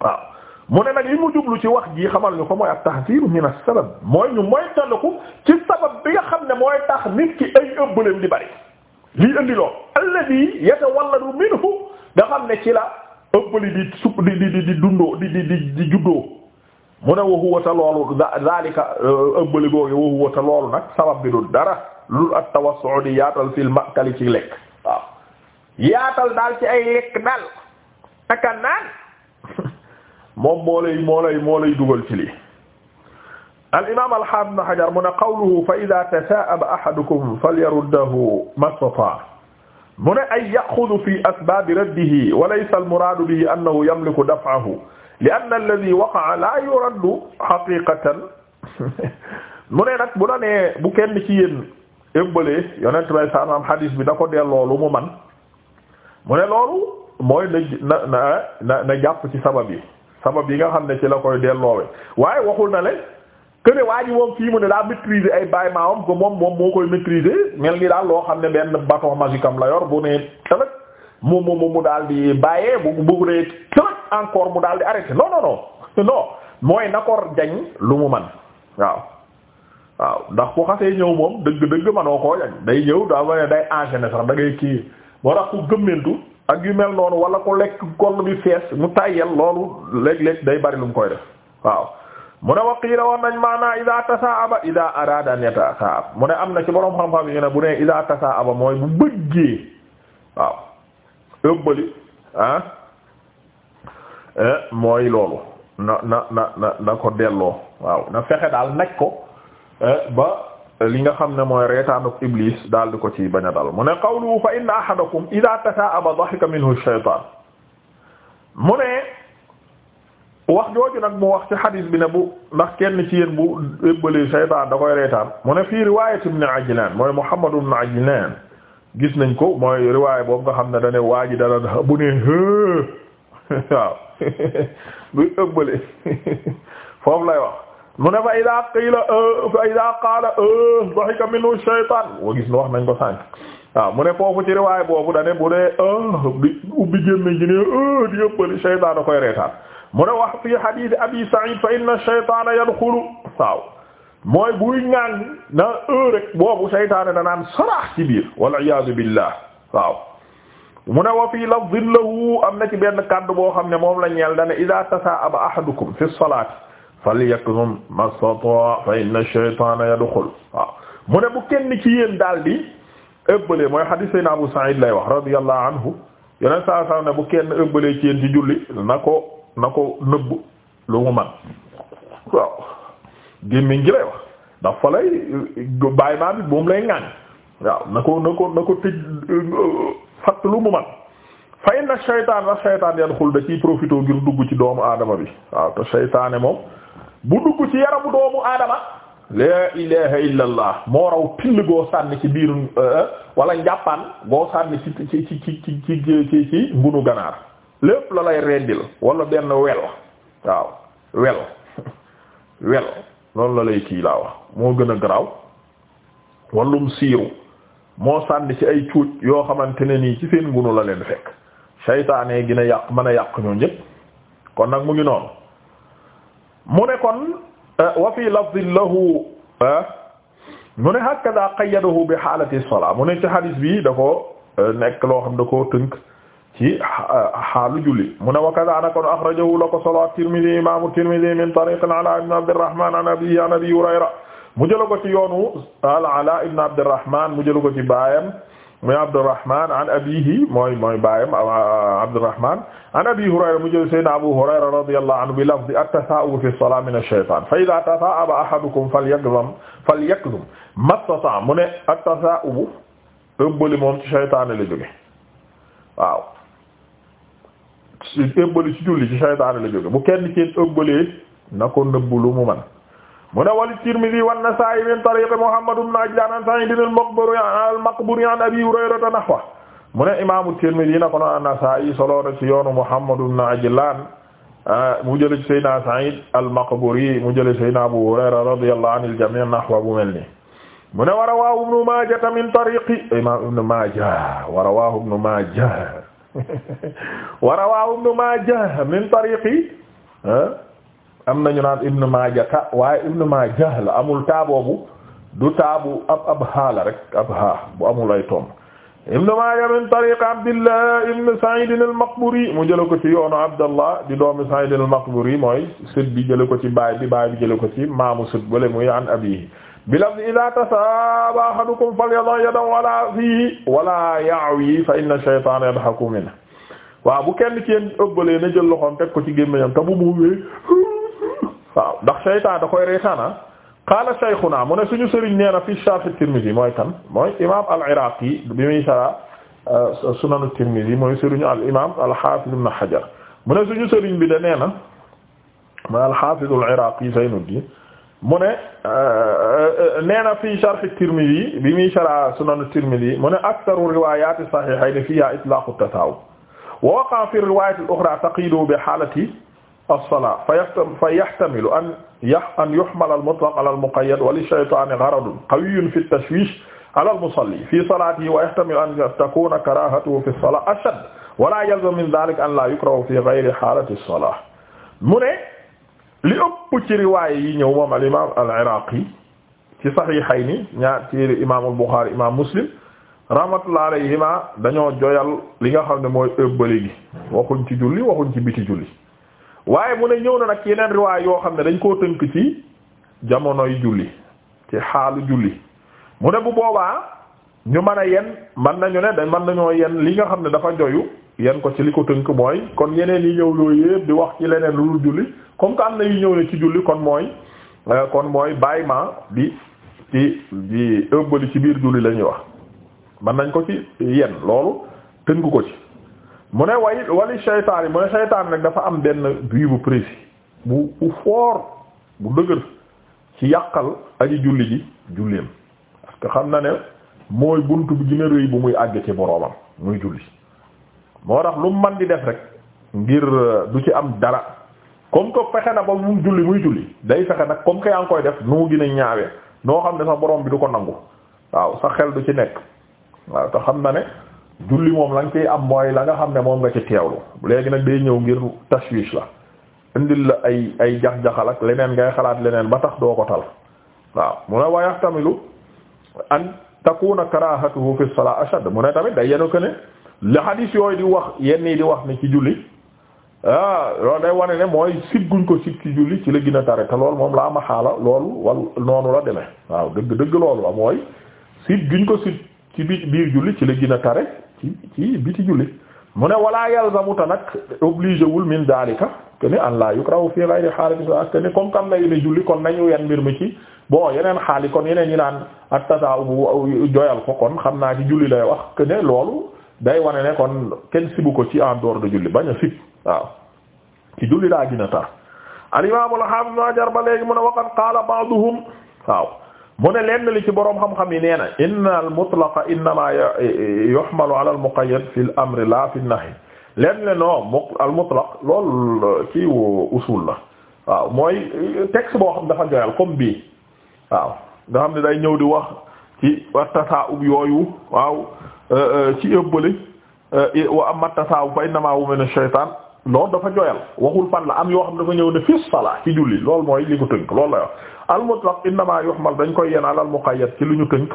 waaw mu ne nag li mu jublu ci wax jii xamal ñu ko mooy at-tahzir min a sabab mooy ñu moytandiku ci sabab bi nga xam ne mooy tax nit ki ay ëbbaleem di bari lii indi lool alladhi yatawalladu minhu nga xam ne ci la ëbbali di supp di di di dundoo di di di di juddoo mu ne wa huwa ta loolu zalika euh, ëbbali googu wa huwa loolu nag sabab bi du dara lul at-tawassu di yaatal fil ma'kali ci lekk waaw yaatal daal lekk naan moom moo lay moo lay moo lay dugal ci lii al imaam al haafiz ibn hajar mu ne qawluhu fa idaa tasaa'aba ahadukum falyaruddahu mastataa mu ne ay yaxudu fi asbaabi raddihi wa laysa al muraadu bihi annahu yamliku daf'ahu li anna alladhi waqa'a laa yuraddu haqiiqatan mu ne nag bu na nee bu kenn ci yéen ëmbalee yonent bay sa am hadis bi na ko delloo lu mu man mu ne loolu mooy na na na jàpp ci sabab yi sabab yi nga xam ne ci la koy delloowe waaye waxul na leen que ne waa ji moom fii mu ne daa maîtriser ay baay maamam ko moom moom moo koy maîtriser mel ni ne la yor bu ne tëlëg mu mu mu daal di bàyyee bu bu ne tëlëg encore mu daal di arrêté non non non mooy nakoor jañ lu mu man waaw waaw ndax bu xasee ñëw moom dëgg dëgg manoo koo jañ day ñëw daa ma ne day enchaîner sax da ngay kii moo tax ku gëmmentu ak yu mel noonu wala ku lekk koll bi fees mu tàyyel loolu léeg-léeg day bari lu mu koy def waaw mu ne waqiila wax nañ maanaa ida tasaaba ida arada an yatasaab mu ne am na ci boroom xam-xam yi ne bu ne ida tasaaba mooy bu bëggee waaw ëbbali ah eh, mooy loolu na na na na ko delloo waaw na fexe daal naj ko eh, ba li nga xam ne mooy reetaanuk iblis daal di ko ci bañ a dal mu ne qawluhu fa inna ahadakum idha tashaaba dhahika minhu shaytaan mu ne wax jooju nag mu wax ci xadiis bi ne bu ndax kenn ci yéen bu ébbalee shaytaan da koy reetaan mu ne fii riwaayat ibn Ajlaan mooy Muhammad ibn gis nañ ko mooy riwaaya boobu nga xam ne dane waa ji dara bu ne waaw buy ëbbale foofu lay wax mu ne fa ida qiila euh, fa ida qaala euh, dahika wa nañ ko sànq waaw mu ne foofu ci riwaay boobu dane bu dee di euh, ubbi gémmiñ gi ne di yëppali shaytaan a koy reetaan mu ne wax fi hadith abi sa'id fa inna shaytaana yadxulu waaw mooy buy na rek boobu shaytaane danaan saraax ci biir wal iyaadu billah waaw wa fii lafdin lahu am na ci benn kàddu boo xam ne moom la ñeel dane ida tasaaba ahadukum fi salaati falyakzum mastata fa inna shaytana yadxul waaw mu ne bu kenn ci yéen daal di ëbbalee mooy hadis sayna Abu Sa'id lay wax radiyallahu anhu yeneen saa saa ne bu kenn ëbbalee ci yéen ci julli na ko na ko nëbb lu mu man waaw gémmiñ gi lay wax ndax lay bàyyi maa bi moom lay ŋaañ waaw na ko na ko na ko tëj fatt lu mu man fa inna shaytaan la shaytaan yadxul da ciy profité ngir dugg ci doomu aadama bi waaw te shaytaane moom bu dugg ci yaramu doomu aadama la ilaha illa allah moo raw till goo sànni ci biiru euh, wala njàppaan goo sànni ci ci ci ci ci ngunu ganaar lépp la lay rendil wala benn wel waaw wel wel loolu la lay kii laa moo gën a garaaw wallum siiru moo sànni ci ay cuuj yoo xamante ne nii ci seen ngunu la leen fekk seytaane gën a yàq mën a yàq ñoo ñëpp kon nag mu ngi noonu mu ne kon euh, wa fi lafdin lahu euh, mu ne hakada qayyadahu bi xaalati salaa mu ne ci hadis bi da ko euh, nekk loo xam da koo tënk ci xaalu julli mu ne wa kazaana kon axrajahu la ko solo at-Tirmidhi imaamu Tirmidhi min tariq al-Alaa ibn Abdirrahmaan an abiihi an Abii Hurayra mu jël ko ci yoonu al-Alaa ibn Abdirrahmaan mu jël ko ci baayam muy Abdurrahman an abihi mooy mooy baayam Abdurrahman an abi Hurayra mu jël sayyidina Abu Hurayra radiyallahu anhu bi lafzi at-tasaa'ub fi as-salaa min ash-shaytaan fa idhaa tasaa'aba ahadukum falyakdhum falyakdhum mastata mu ne at-tasaa'ub ëbbali moom ci shaytaan la jóge waaw ëbbali ci julli ci shaytaan la jóge bu kenn ci ëbbalee na ko nëbb lu mu mën mu ne wali Tirmidhi wa Nasa'i min tariq Muhammad ibn Ajlan an Sa'id al-Maqburi al-Maqburi an Abi Hurayrata nahwa mu ne imaamu Tirmidhi na ko noon an-Nasa'i solo na ci yoonu Muhammad ibn Ajlan mu jële ci Sayyidina Sa'id al-Maqburi mu jële ci Sayyidina Abu Hurayra radiyallahu anil jami' nahwa bu mel nii mu ne wa rawaahu Ibnu Maajah min tariqi imaam Ibnu Maajah wa rawaahu Ibnu Maajah wa rawaahu Ibnu Maajah min tariqi am nañu naan ibnu maajata waaye la amul taa boobu du taabu ab ab rek ab haa bu amul ay tomb ibnu maajah min tariq abdillah ibnu sa'id al ko ci yoonu abdallah di doomi sa'id al mooy sët bi jële ko ci baay bi baay bi jële ko ci maamu sët bale muy an abihi i ida tasaaba ahadukum falyada yadan wala fiihi wala ya'wi fa inna shaytaana yadhaku minhu waaw bu kenn ci yéen ëbbalee na jël loxoom teg ci gémmiñam te bu mu waaw ndax saytaan da koy reetaana ah. qaala shaykhuna mu ne suñu sëriñ nee na fi sharh Tirmidhi mooy kan mooy imaam al-Iraqi bi muy sara euh, sunan Tirmidhi mooy sëriñu al imaam al-Hafiz ibn Hajar mu ne suñu sëriñ bi de nee na mooy al-Hafiz al-Iraqi Zaynuddin mu ne euh, nee na fi sharh Tirmidhi bi muy sara sunan Tirmidhi mu ne aktharu riwayat as-sahihayn fiha itlaq at-tasawwuf wa waqa fi riwayat al-ukhra taqidu bi halati as-salaa fa yahtamilu an an yuhmala al-mutlaq ala al-muqayyad wa lish-shaytaani gharadun qawiyyun fi at-tashwiish ala al-musalli fi salaatihi wa yahtamilu an takuuna karaahatuhu fi as-salaa ashadd wa laa yalzamu min dhaalika an laa yukraha fi ghayri haalati as-salaa mu ne li ëpp ci riwaay yi ñëw moom al-imaam al-Iraaqi ci Sahiihayni ñaar ci imaamul Buxaari imaam Muslim rahmatullahi alayhimaa dañoo joyal li nga xam ne mooy ëbbali gi waxuñ ci julli waxuñ ci biti julli waaye mu ne ñëw na nag yeneen riwaay yoo xam ne dañ koo tënk ci jamonoy julli ci xaalu julli mu ne bu boobaa ñu mën a yen man nañu ne dañ mën nañoo yen li nga xam ne dafa joyu yen ko ci li ko tënk mooy kon yeneen yi ñëw loo yépp di wax ci leneen lu dul julli comme que am na yu ñëw ne ci julli kon mooy euh, kon mooy baay ma di ci di ëbbali ci biir julli lañuy wax mën nañ ko ci yen loolu tënk ko ci mu ne way wali shaytaan yi mu ne shaytaan nag dafa am benn but bu précis bu bu fort bu dëgër ci yàqal aji julli ji julleem parce xam na ne mooy bunt bi gën a bu muy àgg ci boroomam muy julli moo tax lu man di def rek ngir euh, du ci am dara comme que fexe na ba mu julli muy julli day fexe nag comme que yaa koy def nu mu gën a ñaawee noo xam ne sa borom bi du ko nangu waaw sa xel du ci nekk waaw te xam na ne julli moom la nga koy am mooy la nga xam ne moom nga ci teewlu léegi nag day ñëw ngir tashwish la indil la ay ay jax-jaxal ak leneen ngay xalaat leneen ba tax doo ko tal waaw mu ne wa yahtamilu an takuna karahatuhu fi salat ashad mu ne tamit day yenu ko ne li hadis yooyu di wax yenn yi di wax ne ci julli ah day wane ne mooy sib guñ ko sib ci julli ci la gën a tare te loolu moom laa ma xaala loolu wal noonu la demee waaw dëgg dëgg loolu la mooy ko ci biir julli ci la gën a tare ci ci biti jullit mu ne walaa yalzamuta nag obligé wul min daalika que ni an la yukrahu fii ghayri xaali bi que ni comme kam nayu ne julli kon nañu yan mbir mi ci bon yeneen xaali kon yeneen ñi naan ak tasa bu joyal ko kon xam naa ci julli lay wax que ne loolu day wane ne kon kenn sibu ko ci en dehors de julli bañ a sib waaw ci julli daa gën a tar al imam al hafiz Hajar ba léegi mu ne waqad qaala ba'duhum waaw mu ne leen li ci borom xam-xam yi nee na inna al mutlaqa innama yuhmalu ala al muqayyad fi al amri la fi nahy lenn le non al mutlaq lool ci usul la waaw mooy texte boo xam dafa joyal comme bii waaw nga xam ne day ñëw di wax ci wa yooyu waaw euh, euh, ci ëbbali euh, wa amma tasaub fa innama huwa min ash-shaytan loolu dafa joyal waxul fan la am yoo xam dafa ñëw ne fis sala ci julli loolu mooy li ko tënk loolu la wax al mutlaq innama yuhmal dañ koy yenal al muqayyad ci lu ñu tënk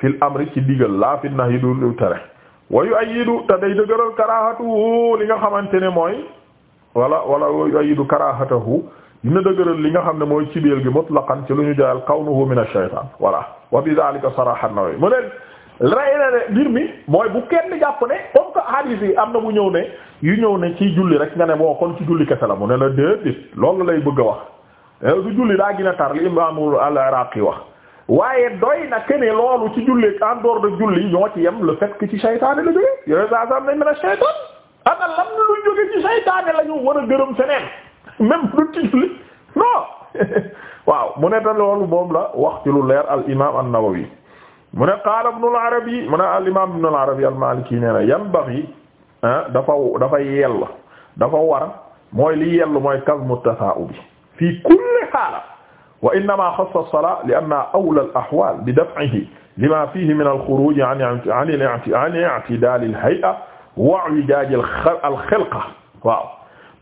fil amri ci digal laa fi nahyi du lu tere wa yu ayidu te day dëgëral karahatuhu li nga xamante ne mooy wala wala wa yu ayidu karahatahu dina dëgëral li nga xam ne mooy ci cibeel gi mutlaqan ci lu ñu joyal kawnuhu min ash-shaytan voilà wa bi dhalika saraha an-nawawi rey na ne mbir mi mooy bu kenn jàpp ne comme que hadith yi am na bu ñëw ne yu ñëw ne ci julli rek nga ne bon kon ci julli kese la mu ne la déedéet loolu lay bëgg a wax du julli daa gën a tar li imaamul al-Iraqi wax waaye doy na kene loolu ci julli en dehors de julli ñoo ci yem le fait que ci saytaane la jógee yooyu saa saa nañ mën a saytaan ana lam ci saytaane la war a gërëm feneen même du ci julli non waaw mu ne te loolu moom la wax ci lu leer al imaam an-Nawawi mu ne qaala ibnul arabi mu ne al imaam ibnul arabi al maliki nee na yanbaghi dafa dafa yell dafa war mooy li yell mooy kazmu tasaa'ubi fii kulli haala wa innamaa xassa as-salaata li annahaa awlaa al ahwaal bi daf'ihi limaa fiihi min al xuruuj an an i'tidaal al hay'a wa i'wijaaj al xilqa waaw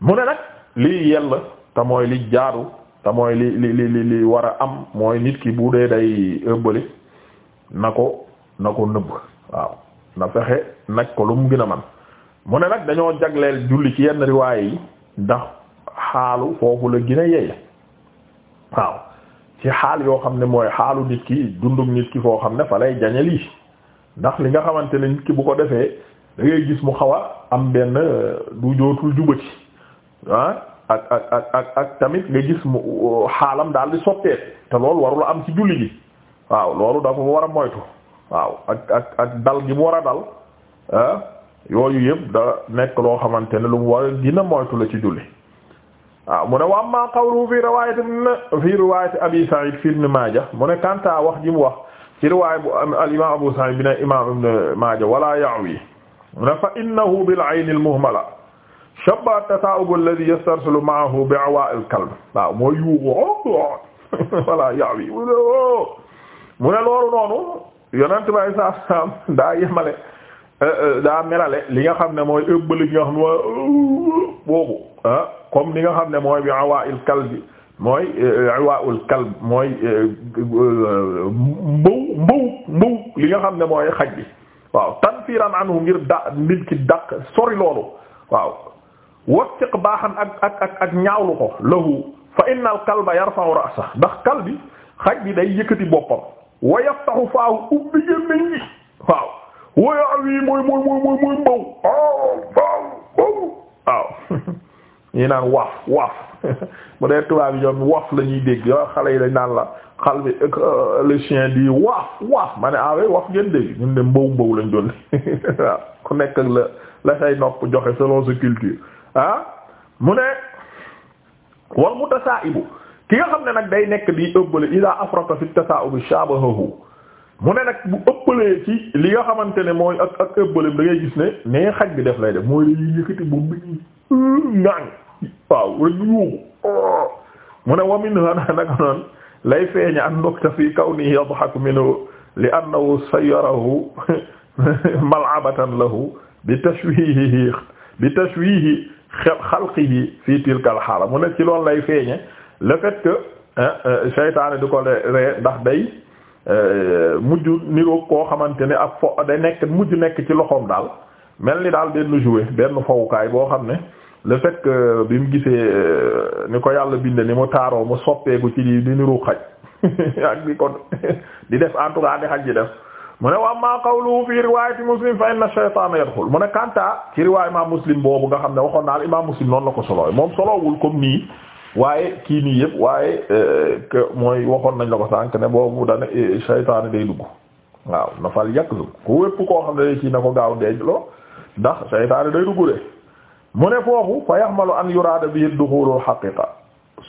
mu ne nag lii yell te mooy li jaadu te mooy li li li li war a am mooy nit ki bu dee day ëbbali na ko na ko nëbb waaw na fexe naj ko lu mu gën a man mu ne nag dañoo jagleel julli ci yenn riwaay yi ndax xaalu foofu la gën a waaw ci xaal yoo xam ne mooy xaalu nit ki dundum nit ki foo xam ne fa lay jañe lii ndax li nga xamante ne nit ki bu ko defee dangay gis mu xaw a am benn du jootul jubati ah ak ak ak tamit nga gis mu xaalam daal di sottee te loolu warula am ci julli gi waaw loolu dafa war a moytu waaw ak ak ak dal gi mu war a dal ah yooyu yëpp da nekk loo xamante ne lu mu war a gën a moytu la ci julli waaw mu ne wa amma qawlu fi riwayat fi riwayat abi sa'id fi ibn majah mu ne kanta wax ji mu wax ci riwaaya bu al imam abu sa'id bin imam ibn majah wala ya'wi mu ne fa innahu bil ayn al muhmala shabba at-tasa'ub alladhi yastarsilu ma'ahu bi'awa al kalb waaw mooy yuuxu voilà oh, oh, oh, ya'wi mu ne loolu noonu yonent bay saa saam daa yemale euh, euh, daa melale li nga xam ne mooy ëbbali li nga xam ne mooy boobu ah comme li nga xam ne mooy bi awaa'il kalbi mooy euh, awaa'ul kalb mooy mbaw mbaw mbaw li nga xam ne mooy xaj bi waaw tanfiran anhu ngir da nit ki daq sori loolu waaw wattiq baaxan ak ak ak ak ñaawlu ko lahu fa innal kalba yarfa'u ra'sa ndax kalbi xaj bi day yëkkati boppam wa yaftahu faahu ubbi gémmiñ gi waaw waya aw yi mooy mooy mooy mooy mooy mbaw aw baw baw waaw ñi naan waaf waaf bu dee tubaab yi ñoom waaf la ñuy dégg yoo xale naan la xal bi euh, le chien di waaf waaf ma ne awe ah waaf ngeen dégg ñun de mbaw mbaw lañ doon waaw ku nekk la la say nopp joxe selon sa culture ah mu ne wal mutasaibu ki nga xam ne nag day nekk di ëbbale ila afrata fi tasaa'ub shabahahu mu ne nag bu ëppalee ci li nga xamante ne mooy ak ak ëbbaleem da ngay gis ne ne xaj bi def lay def mooy day yëkkati bu mu ñaan waaw rek yuuxu mu ne wa minha naka noonu lay feeña an nokta fi kawni yadhaku minhu li annahu sayyarahu mal'abatan lahu bi tashwihihi bi tashwihi xalqihi fi tilka al mu ne ci loolu lay feeñe le que euh, euh, seytaane du ko ree ndax day euh, mujj niroog koo xamante ne ab fo day nekk mujj nekk ci loxoom daal mel ni daal benn jouet benn fowukaay boo xam ne le fait que bi mu gisee ni ko yàlla binde ni mu taaroo mu soppeeku ci di di niru xaj ak di ko di def en tout cas di xaj di def mu ne wa amma qawluhu fi muslim fa inna shaytaana yadxul mu ne kanta ci riwaay imam muslim boobu nga xam ne waxoon naa al imam muslim noonu la ko solo moom solowul comme nii waaye kii nii yëpp waaye euh, que mooy waxoon nañ la ko sànq ne boobu dana eh, saytaane day dugg waaw na fal yàq su ku wépp koo xam ne kii na ko gaaw denc loo ndax saytaane day dugg de mu ne foofu fa yaxmalu an yuraada bi duxulul xaqiqa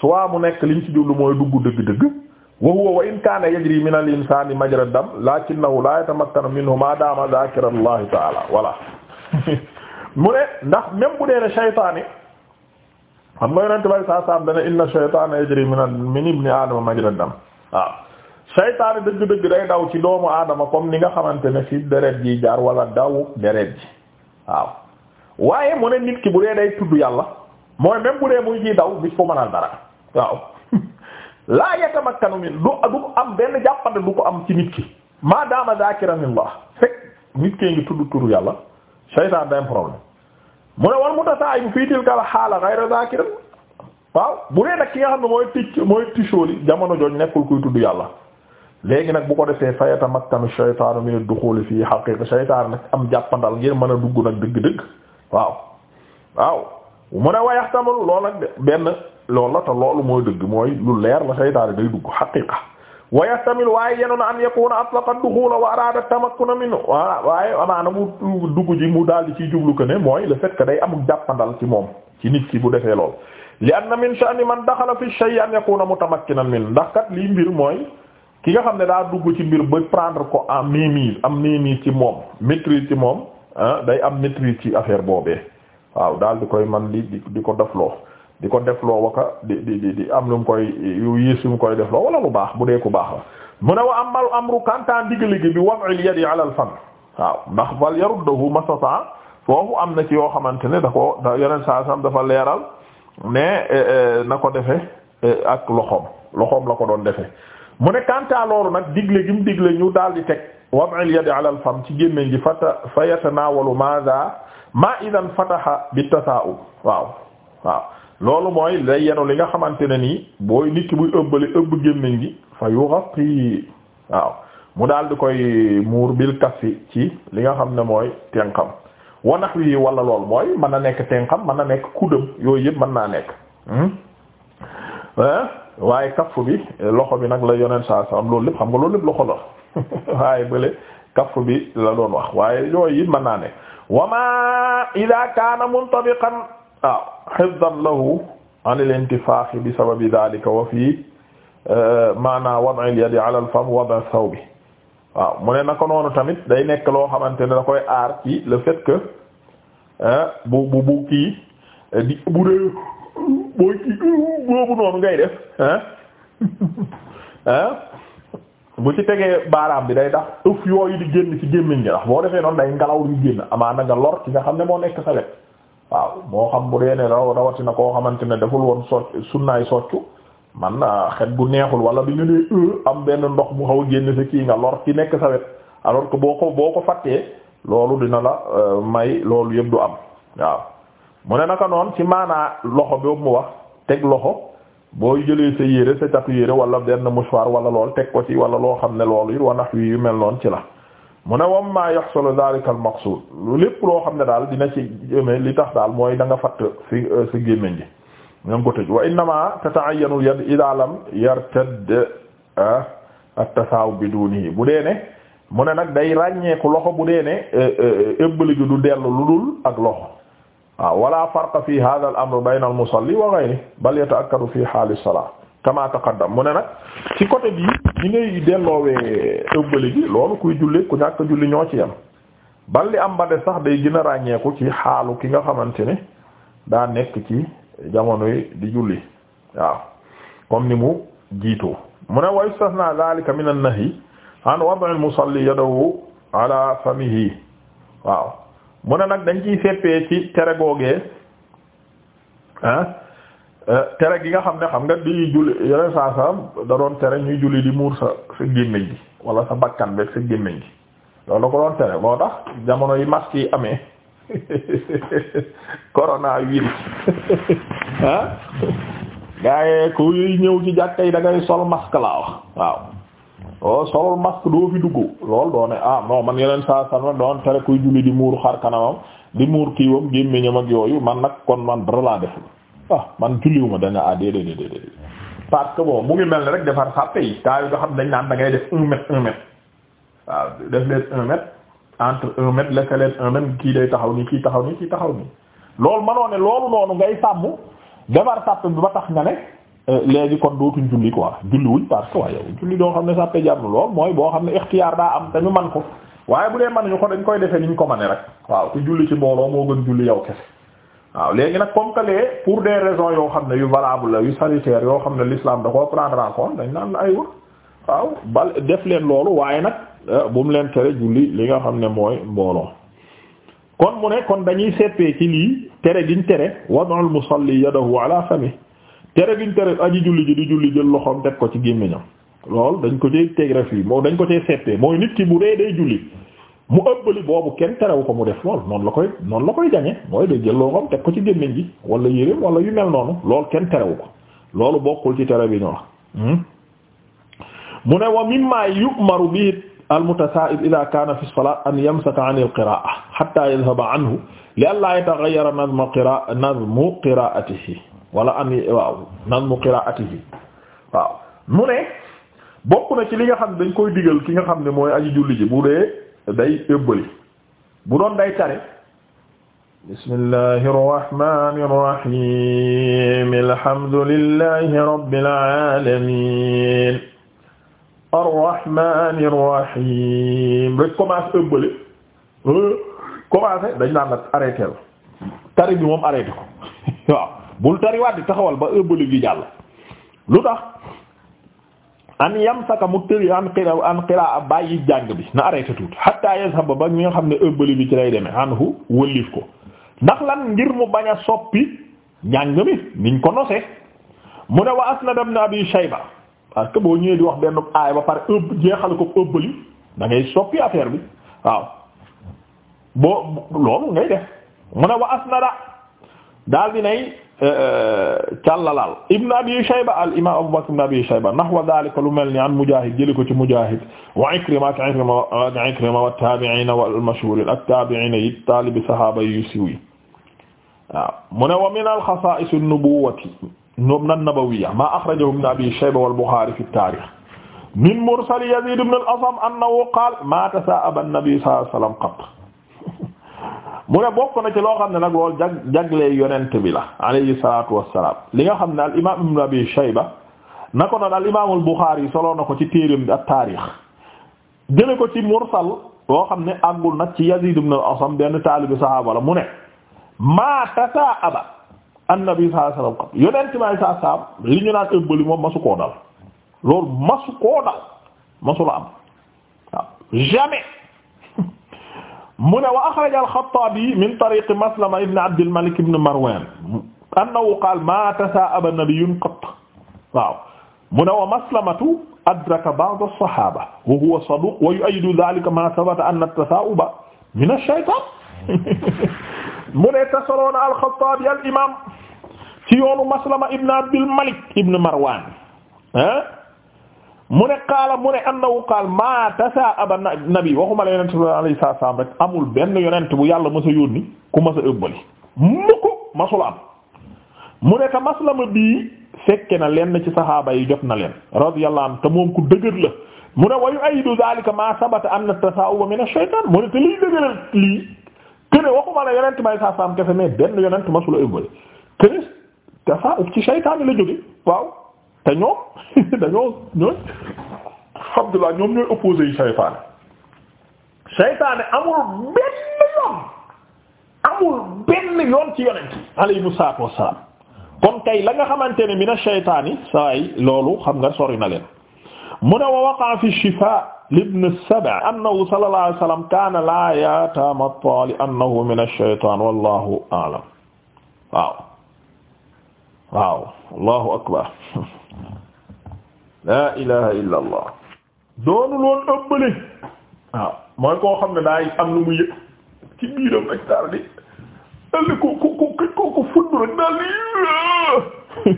soit mu nekk liñ ci jublu mooy dugg dëgg-dëgg wa huwa wa in kaana yajri min al insani majra dam lakinnahu la yatamakkanu minhu ma dama zakira allahi taala voilà mu ne ndax même bu dee ne saytaane xam nga yonent bay saa saam dana inna shaytaana yajri min ibni aadama majra dam waaw shaytaani dëgg-dëgg day daw ci doomu aadama comme ni nga xamante ne ci deret ji jaar wala daw deret ji waaw waaye mu ne nit ki bu dee day tudd yàlla mooy même bu dee muy ciy daw bis ko mënal dara waaw laa yatamakkanu min du du am benn jàppande du ko am ci nit ki maadaama zaakiran lillah fekk nit ki ngi tudd turu yàlla shaytaan day problème mu ne wal mutasaahibu fii tilka al xaala ghayra zaakir waaw bu dee nag ki nga xam ne mooy ticc mooy tichooli jamono jooju nekkul kuy tudd yàlla léegi nag bu ko defee fayata makkanu shaytaanu min ad-duxuuli fii xaqiiqa shaytaan nag am jàppandal ngi mën a dugg nag dëgg-dëgg waaw waaw mu ne wayaxtamalu loolu nag benn loolu la te loolu mooy dëgg mooy lu leer la shaytaan day dugg xaqiiqa wa yastamil waaye yenoon an yakuna atlaqa duxula wa arada tamakkuna minhu wa waaye amaana mu dugg ji mu daal di ciy jublu ko ne mooy le fait que day amul jàppandal ci moom ci nit ki bu defee lool li na anna min sha'ni man daxala fi shay'in an yakuna mutamakkinan min ndax kat lii mbir mooy ki nga xam ne daa dugg ci mbir ba prendre ko en mainmise am mainmise ci moom maîtrise ci moom ah, day am maîtrise ci affaire boobee waaw daal di koy man di di ko dofloo di ko def loo waka di di di di am lu mu koy yu yiis yu mu koy def loo wala lu baax bu dee ku baax la mu ne wa amal amru kanta digg-liggi bi yi yadi ala al fan waaw ndax fal yaruddahu masata am na ci yoo xamante ne da ko yeneen saa sam dafa leeral mais e, e, na ko defe e, ak loxoom loxoom la ko doon defe mu ne kanta loolu nag digle gi mu digle ñu daal di teg wad'il yadi ala al fan ci gémmiñ gi fata fa yatanaawalu maada ma idan fataha bi tasaa'ub waaw waaw loolu mooy la yenu li nga xamante ne nii booy nit ki buy ëbbale ëbb gémmiñ gi fa yughatti waaw mu daal di koy muur bil kaffi ci li nga xam ne mooy tenqam wa nahwi wala lool mooy mën na nekk tenqam man na nekk kuddam yooyu yëpp mën naa nekk hmm? eh? waaye kaff bi loxo bi nag la yoneen saa saa loolu lépp xam nga loolu lépp loxo la waaye bële kaff bi la doon wax waaye yooyu it mën naa ne wa ma ida kaana muntabiqan waaw ah, hifdan lahu an al-intifaakh bi sababi dhalika wa fi eh, maanaa wad'a al-yadi 'ala al-fam wad'a ath-thawb waaw mu ne naka noonu tamit day nekk loo xamante ne da koy aar ci le fait que eh, bu bu bu kii eh, di bu dee boo kii boobu noonu ngay def ah bu ci tegee baaraam bi day tax ëff yooyu di génn ci gémmiñ gi ndax boo defee noonu day ngelaw di génn amaana nga lor ci nga xam ne moo nekk sa wet waaw moo xam bu dee ne raw rawatina koo xamante ne deful woon socc sunnaay soccu man xet bu neexul wala bi nga nee euh, am benn ndox bu xaw a génn sa kii nga lor ci nekk sa wet alors que boo ko boo ko fàttee loolu dina la euh, may loolu yëpp du am waaw mu ne naka noonu ci maanaa loxo boobu mu wax teg loxo boo jëlee sa yére sa catu yére wala benn mouchoir wala lool teg ko ci wala loo xam ne loolu it wanax wi mel noon ci la mu ne wam maa yaxsulu dhalika al maqsuud lépp loo xam ne daal dina ci jëme li tax daal mooy da nga fatt fi euh, si gémmiñ gi nga ngi ko tëj wa innama tata'ayyanu al yad idha lam yartadd ah, at-tasaawub bidunihi bu dee ne mu ne nag day ràññeeku loxo bu dee ne ëbbali euh, euh, gi du dellu lu dul ak loxo waaw wala farqa fi hadha al amr bayna al musalli wa ghayrihi bal yata'akkadu fi haali as-salaat kama taqaddam mu ne nag ci côté bi ñi ngay delloowee ëbbali gi loolu kuy julli ku ñàkk julli ñoo ci yam bal am ba de sax day gën a ci xaalu ki nga xamante ne daa nekk ci jamonoy di julli waaw comme ni mu jiitoo mu ne wa yustasna dhalika min an-nahy an wad'i al-musalli yadahu ala famihi waaw mu ne nag dañ ciy seppee ci tere googee ah Euh, tere gi nga xam ne xam nga di julli yeneen saa da doon tere ñuy julli di muur sa sa gémmiñ gi wala sa bakkan beeg sa gémmiñ gi loolu la ko doon jamono yi masque yi amee coronavirus ah gaa ñëw ci jàkka yi da ngay sol masque laa wax waaw oh, solul masque doo fi dugg loolu doone ah non man yeneen saa saa doon tere kuy julli di muur yooyu man nag kon man dara laa deful ah man julliwuma dañ ah déedéet déedéet parce que bon mu ngi mel ne rek defar sàppe yi taa yu nga xam dañ naan da ngay def un mètre un mètre waaw def leen un mètre entre un mètre lekk leen un mètre kii day taxaw nii kii taxaw nii kii taxaw nii loolu manoo ne loolu noonu ngay sàmm defar sàppe bi ba tax nga ne euh, léegi kon dootuñ julli quoi julliwuñ parce que waaye yow julli doo xam ne sàppe jar lool mooy boo xam ne ixtiyaar daa am dañu man ko waaye bu dee mënuñu ko dañ koy defee niñ ko mane rek waaw te julli ci mbooloo moo gën julli waaw léegi nag comme pour des raisons yoo xam ne yu valable la yu sanitaire yoo xam ne l'islam da koo prendre en compte dañ naan la ay wër waaw bal def leen loolu waaye nag eh, bu mu leen tere julli li nga xam ne mooy mbooloo kon mu ne kon dañuy seppee ci lii tere giñ tere wad'ul musalli yadahu ala fami bi giñ tere aji julli ji di julli jël loxoom teg ko ci gémmiñam loolu dañ ko cee teg ref yi moo dañ ko cee seppee mooy nit ki bu dee day julli mu ëbbali boobu kenn terewu ko mu def lool noonu la koy noonu la koy jañe mooy day jël loo xam teg ko ci gémmiñ gi wala yéreem wala yu mel noonu lool kenn terewu ko loolu bokkul ci tere bi ñu wax mu ne wa mimma yu'maru bihi al-mutasaa'ib idha kaana fi as-salaat an yamsaka 'an al-qiraa'a hatta yadhhaba 'anhu li allaa yataghayyara nazmu qiraa'a waaw mu ne bokk na ci li nga xam ne dañ koy digal ki nga xam ne mooy aji julli ji bu dee day ëbbali bu doon day tare bismillahi irrahmani irrahim alhamdulillahi rabbil alamin arrahmani irrahim rek commence ëbbali commencé dañ naan la arrêté tari bi moom arrêté ko bul tari waat di taxawal ba ëbbali gi jàll lu tax an yamsaka mu tëri an qira an qira bàyyi jàng bi na arrêté tuuti hatta yazhaba ba ñu nga xam ne ëbbali bi ci lay demee anhu wëllif ko ndax lan ngir mu bañ a soppi jàng bi niñ ko nosee mu ne wa asnad ibn abi shayba parce que boo ñëwee di wax benn aay ba pare ëbb jeexal ko ëbbali da soppi affaire bi waaw boo loolu ngay def mu ne wa asnada daal di càllalaal ibn abi shayba al imam abu bakr ibn abi shayba nahwa dhalika lu mel ni an mujahid jëli ko ci mujahid wa ikrima ak ikrima ak ikrima wa tabi'ina wal mashhurin ak tabi'ina yi taalibi sahaaba yu siw yi waaw mu ne wa min al khasa'is an nubuwati na nabawiyya ma akhrajahu ibn abi shayba wal bukhari fi tarikh min mursal yazid ibn al asam annahu qala ma tasa'aba an nabi sallallahu alayhi wasallam qat mu ne bokk na ci loo xam ne nag loolu jag jaglee yonent bi la alayhi salaatu wassalaam li nga xam ne al imaam ibn abi shayba na ko noon al imaamul buxaari soloo na ko ci téereem bi ak taarix jële ko ci mursal loo xam ne àggul nag ci yazid ibn al-asam benn taalibi sahaaba la mu ne maa tasaaba annabi sallallahu yonent bi sallallahu alayhi wasallam li ñu naan ëbbali moom masu koo dal loolu masu koo dal masu la am waaw jamais mu ne wa axraja al-Xattaabi min tariiqi Maslama ibn Abdil Malik ibn Marwaan annahu qaala maa tasaa'aba nabiyyun qatt waaw mu ne wa Maslamatu adraka ba'd as-sahaaba wa huwa saduuq wa yu'ayyidu dhaalika maa sabata anna at-tasaa'uba min ash-shaytaan mu ne tasaloona al-Xattaabi al-imaam ci yoonu Maslama ibn Abdil Malik ibn Marwaan ah mu ne qaala mu ne annahu qaal maa tasaaba nabi waxuma la yonent bi alayhi saam rek amul benn yonent bu yàlla mës a yónni ku mës a ëbbali mukk am mu ne te maslama bii fekke na leen ci saxaaba yi jot na leen radiyallahu anhu te la mu ne wayu ayidu zalika maa sabata anna tasaawuba min ash-shaytaan mu ne te liy dëgëral lii kene waxuma la yonent bi alayhi salaam kese mais benn yonent masula ci shaytaan la jóge waaw te ñoom dañoo ñooy Abdullah ñoom ñooy opposé yu saytaane saytaane amul benn amul benn yoon ci yonent alayhi salaatu wassalaam kon kay la nga xamante xam nga sori na leen mu ne wa waqa'a fi shifaa libn saba annahu sallallahu alayhi wasallam kaana laa li annahu min ash-shaytaan wallahu a'lam akbar la ilaha illa allah doonu loon ëppale waaw mooy koo xam ne daay am lu mu yëg ci biiram rek daal di daal ko ko ko ko ko fudd rek daal di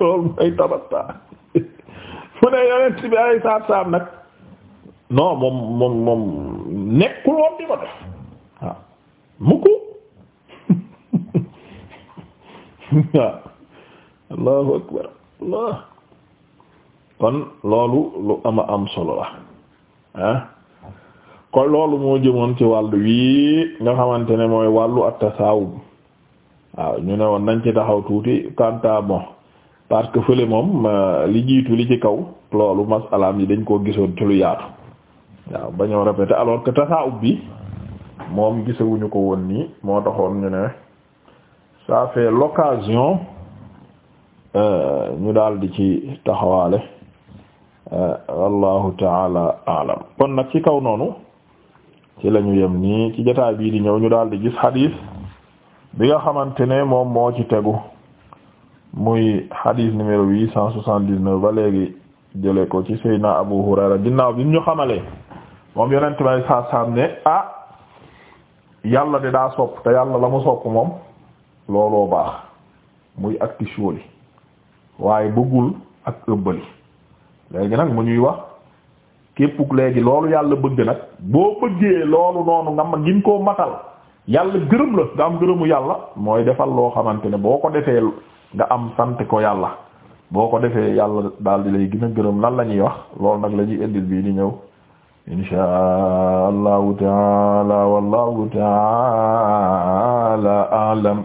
loolu mooy tabatta fu ne yonent bi ay saab saab nag non moom moom moom nekkul woon di ko def waaw mukk waaw allahu akbar allah kon loolu lu ama am solo la ah kon loolu moo jëmoon ci wàllu wii nga xamante ne mooy wàllu at-tasawub waaw ñu ne woon nañ ci taxaw tuuti kanta bon parce que fële moom euh, li jiitu li ci kaw loolu masalaam yi dañ koo gisoon ci lu yaatu waaw bañoo répété alors que tasawub bi moom gisewuñu ko woon nii moo taxoon ñu ne ça fait l'occasion euh, ñu daal di ci taxawaale Eh, allahu taala alam kon nag ci kaw noonu ci la yem nii ci jotaay bii di ñëw ñu daal di gis xadis bi nga xamante ne moom moo ci tegu muy xadis numéro huit cent soixante-dix-neuf ba léegi jële ko ci Seydina Abu Hurayra ginnaaw bi ñu xamalee moom yonent may saa saam ne ah yàlla de daa sopp te yàlla la mu sopp moom looloo baax muy ak waaye bëggul ak ëbbali léegi nag mu ñuy wax képp léegi loolu yàlla bëgg nag boo bëggee loolu noonu nga ma gin koo matal yàlla gërëm la nga am gërëmu yàlla mooy defal loo xamante ne boo ko defee nga am sant ko yàlla boo ko defee yàlla daal di lay gën a gërëm lan la ñuy wax loolu nag la ñuy indil bii di ñëw inshaa allahu taala wallahu taala alam